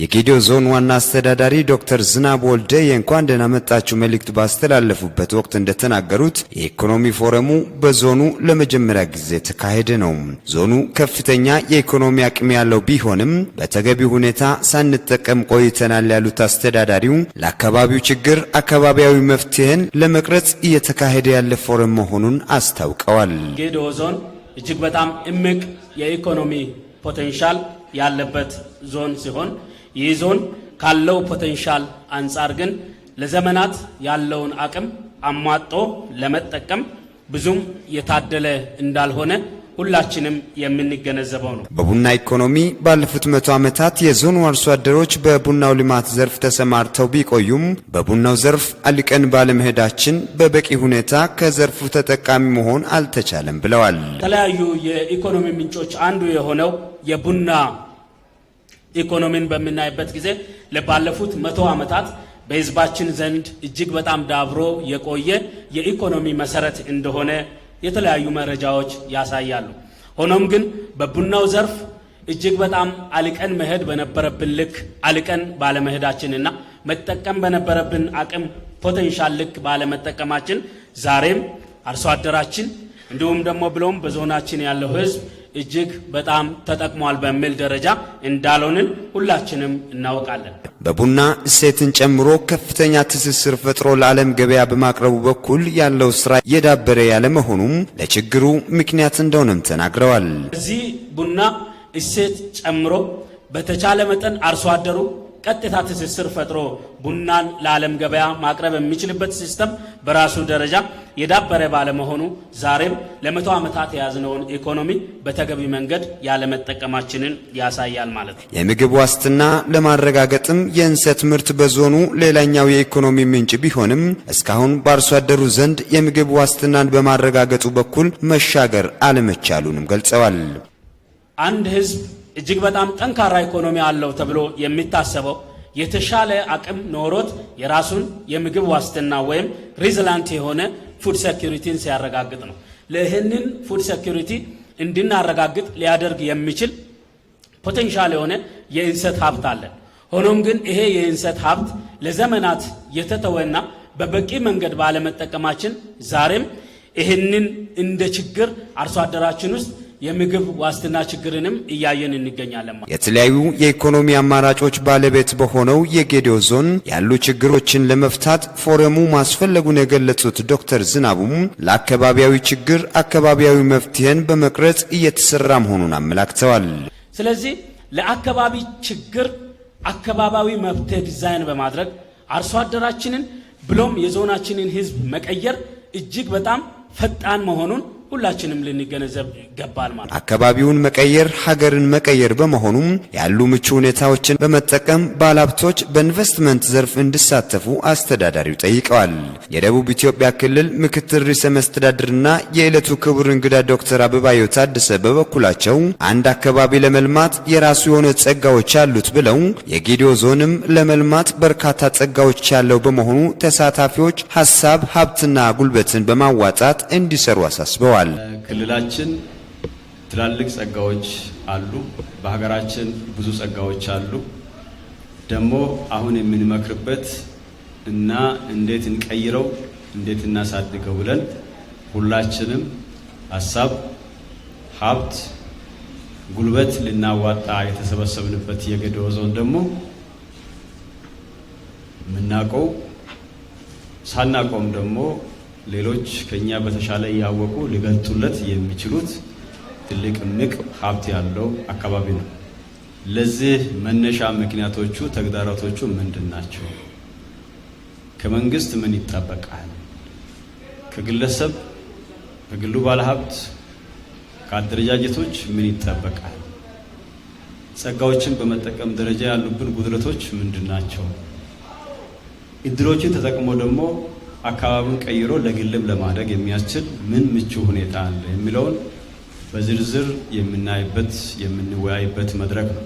የጌዲዮ ዞን ዋና አስተዳዳሪ ዶክተር ዝናብ ወልደ የእንኳን ደህና መጣችሁ መልእክት ባስተላለፉበት ወቅት እንደተናገሩት የኢኮኖሚ ፎረሙ በዞኑ ለመጀመሪያ ጊዜ የተካሄደ ነው። ዞኑ ከፍተኛ የኢኮኖሚ አቅም ያለው ቢሆንም በተገቢ ሁኔታ ሳንጠቀም ቆይተናል ያሉት አስተዳዳሪው ለአካባቢው ችግር አካባቢያዊ መፍትሄን ለመቅረጽ እየተካሄደ ያለ ፎረም መሆኑን አስታውቀዋል። ጌዲዮ ዞን እጅግ በጣም እምቅ የኢኮኖሚ ፖቴንሻል ያለበት ዞን ሲሆን ይህ ዞን ካለው ፖቴንሻል አንጻር ግን ለዘመናት ያለውን አቅም አሟጦ ለመጠቀም ብዙም የታደለ እንዳልሆነ ሁላችንም የምንገነዘበው ነው። በቡና ኢኮኖሚ ባለፉት መቶ ዓመታት የዞኑ አርሶ አደሮች በቡናው ልማት ዘርፍ ተሰማርተው ቢቆዩም በቡናው ዘርፍ አልቀን ባለመሄዳችን በበቂ ሁኔታ ከዘርፉ ተጠቃሚ መሆን አልተቻለም ብለዋል። የተለያዩ የኢኮኖሚ ምንጮች አንዱ የሆነው የቡና ኢኮኖሚን በምናይበት ጊዜ ለባለፉት መቶ ዓመታት በህዝባችን ዘንድ እጅግ በጣም ዳብሮ የቆየ የኢኮኖሚ መሰረት እንደሆነ የተለያዩ መረጃዎች ያሳያሉ። ሆኖም ግን በቡናው ዘርፍ እጅግ በጣም አልቀን መሄድ በነበረብን ልክ አልቀን ባለመሄዳችንና መጠቀም በነበረብን አቅም ፖቴንሻል ልክ ባለመጠቀማችን ዛሬም አርሶ አደራችን እንዲሁም ደግሞ ብሎም በዞናችን ያለው ህዝብ። እጅግ በጣም ተጠቅሟል በሚል ደረጃ እንዳልሆንን ሁላችንም እናውቃለን። በቡና እሴትን ጨምሮ ከፍተኛ ትስስር ፈጥሮ ለዓለም ገበያ በማቅረቡ በኩል ያለው ስራ የዳበረ ያለመሆኑም ለችግሩ ምክንያት እንደሆነም ተናግረዋል። እዚህ ቡና እሴት ጨምሮ በተቻለ መጠን አርሶ አደሩ ቀጥታ ትስስር ፈጥሮ ቡናን ለዓለም ገበያ ማቅረብ የሚችልበት ሲስተም በራሱ ደረጃ የዳበረ ባለመሆኑ ዛሬም ለመቶ ዓመታት የያዝነውን ኢኮኖሚ በተገቢ መንገድ ያለመጠቀማችንን ያሳያል ማለት ነው። የምግብ ዋስትና ለማረጋገጥም የእንሰት ምርት በዞኑ ሌላኛው የኢኮኖሚ ምንጭ ቢሆንም እስካሁን በአርሶ አደሩ ዘንድ የምግብ ዋስትናን በማረጋገጡ በኩል መሻገር አለመቻሉንም ገልጸዋል። አንድ ህዝብ እጅግ በጣም ጠንካራ ኢኮኖሚ አለው ተብሎ የሚታሰበው የተሻለ አቅም ኖሮት የራሱን የምግብ ዋስትና ወይም ሪዝላንት የሆነ ፉድ ሴኩሪቲን ሲያረጋግጥ ነው። ለይህንን ፉድ ሴኩሪቲ እንድናረጋግጥ ሊያደርግ የሚችል ፖቴንሻል የሆነ የእንሰት ሀብት አለን። ሆኖም ግን ይሄ የእንሰት ሀብት ለዘመናት የተተወና በበቂ መንገድ ባለመጠቀማችን ዛሬም ይህንን እንደ ችግር አርሶ አደራችን ውስጥ የምግብ ዋስትና ችግርንም እያየን እንገኛለን። የተለያዩ የኢኮኖሚ አማራጮች ባለቤት በሆነው የጌዴኦ ዞን ያሉ ችግሮችን ለመፍታት ፎረሙ ማስፈለጉን የገለጹት ዶክተር ዝናቡም ለአካባቢያዊ ችግር አካባቢያዊ መፍትሄን በመቅረጽ እየተሰራ መሆኑን አመላክተዋል። ስለዚህ ለአካባቢ ችግር አካባቢያዊ መፍትሄ ዲዛይን በማድረግ አርሶ አደራችንን ብሎም የዞናችንን ሕዝብ መቀየር እጅግ በጣም ፈጣን መሆኑን ሁላችንም ልንገነዘብ ይገባል ማለት አካባቢውን መቀየር ሀገርን መቀየር በመሆኑም ያሉ ምቹ ሁኔታዎችን በመጠቀም ባለሀብቶች በኢንቨስትመንት ዘርፍ እንዲሳተፉ አስተዳዳሪው ጠይቀዋል። የደቡብ ኢትዮጵያ ክልል ምክትል ርዕሰ መስተዳድርና የዕለቱ ክቡር እንግዳ ዶክተር አበባየሁ ታደሰ በበኩላቸው አንድ አካባቢ ለመልማት የራሱ የሆነ ጸጋዎች አሉት ብለው የጌዲዮ ዞንም ለመልማት በርካታ ጸጋዎች ያለው በመሆኑ ተሳታፊዎች ሀሳብ፣ ሀብትና ጉልበትን በማዋጣት እንዲሰሩ አሳስበዋል። ገልጸዋል። ክልላችን ትላልቅ ጸጋዎች አሉ። በሀገራችን ብዙ ጸጋዎች አሉ። ደግሞ አሁን የምንመክርበት እና እንዴት እንቀይረው እንዴት እናሳድገው ብለን ሁላችንም ሀሳብ፣ ሀብት፣ ጉልበት ልናዋጣ የተሰበሰብንበት የጌዴኦ ዞን ደግሞ የምናውቀው ሳናውቀውም ደግሞ ሌሎች ከኛ በተሻለ እያወቁ ሊገልጡለት የሚችሉት ትልቅ ምቅ ሀብት ያለው አካባቢ ነው። ለዚህ መነሻ ምክንያቶቹ፣ ተግዳሮቶቹ ምንድን ናቸው? ከመንግስት ምን ይጠበቃል? ከግለሰብ ከግሉ ባለሀብት ከአደረጃጀቶች ምን ይጠበቃል? ጸጋዎችን በመጠቀም ደረጃ ያሉብን ጉድለቶች ምንድን ናቸው? እድሎችን ተጠቅሞ ደግሞ አካባቢውን ቀይሮ ለግልም ለማድረግ የሚያስችል ምን ምቹ ሁኔታ አለ የሚለውን በዝርዝር የምናይበት የምንወያይበት መድረክ ነው።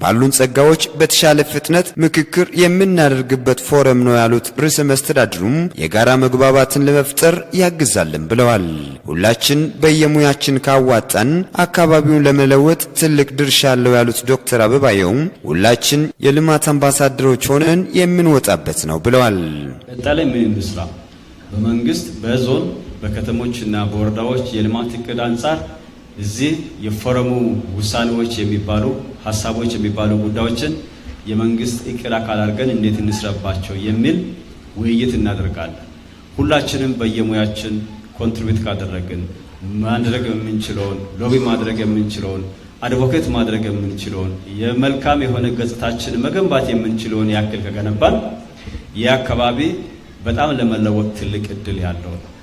ባሉን ጸጋዎች በተሻለ ፍጥነት ምክክር የምናደርግበት ፎረም ነው ያሉት ርዕሰ መስተዳድሩም የጋራ መግባባትን ለመፍጠር ያግዛልን ብለዋል። ሁላችን በየሙያችን ካዋጣን አካባቢውን ለመለወጥ ትልቅ ድርሻ አለው ያሉት ዶክተር አበባየውም ሁላችን የልማት አምባሳደሮች ሆነን የምንወጣበት ነው ብለዋል። ቀጣይ ምን እንስራ? በመንግስት በዞን በከተሞችና በወረዳዎች የልማት እቅድ አንጻር እዚህ የፎረሙ ውሳኔዎች የሚባሉ ሀሳቦች የሚባሉ ጉዳዮችን የመንግስት እቅድ አካል አድርገን እንዴት እንስረባቸው የሚል ውይይት እናደርጋለን። ሁላችንም በየሙያችን ኮንትሪቢዩት ካደረግን ማድረግ የምንችለውን ሎቢ ማድረግ የምንችለውን አድቮኬት ማድረግ የምንችለውን የመልካም የሆነ ገጽታችን መገንባት የምንችለውን ያክል ከገነባን ይህ አካባቢ በጣም ለመለወጥ ትልቅ እድል ያለው ነው።